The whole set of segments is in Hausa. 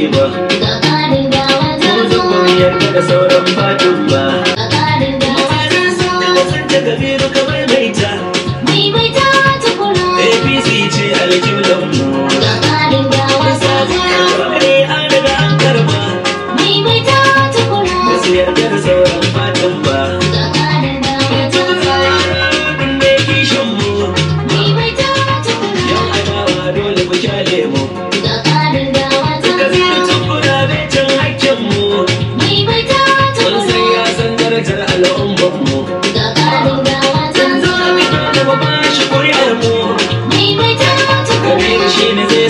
ce ba Yanzu kun yarda da sauran fatan ba Mazarin ta Maimaita ta kuna APC ce alƙiblan mu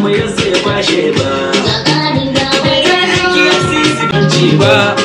mu yanzu ya bashe ba. Ba.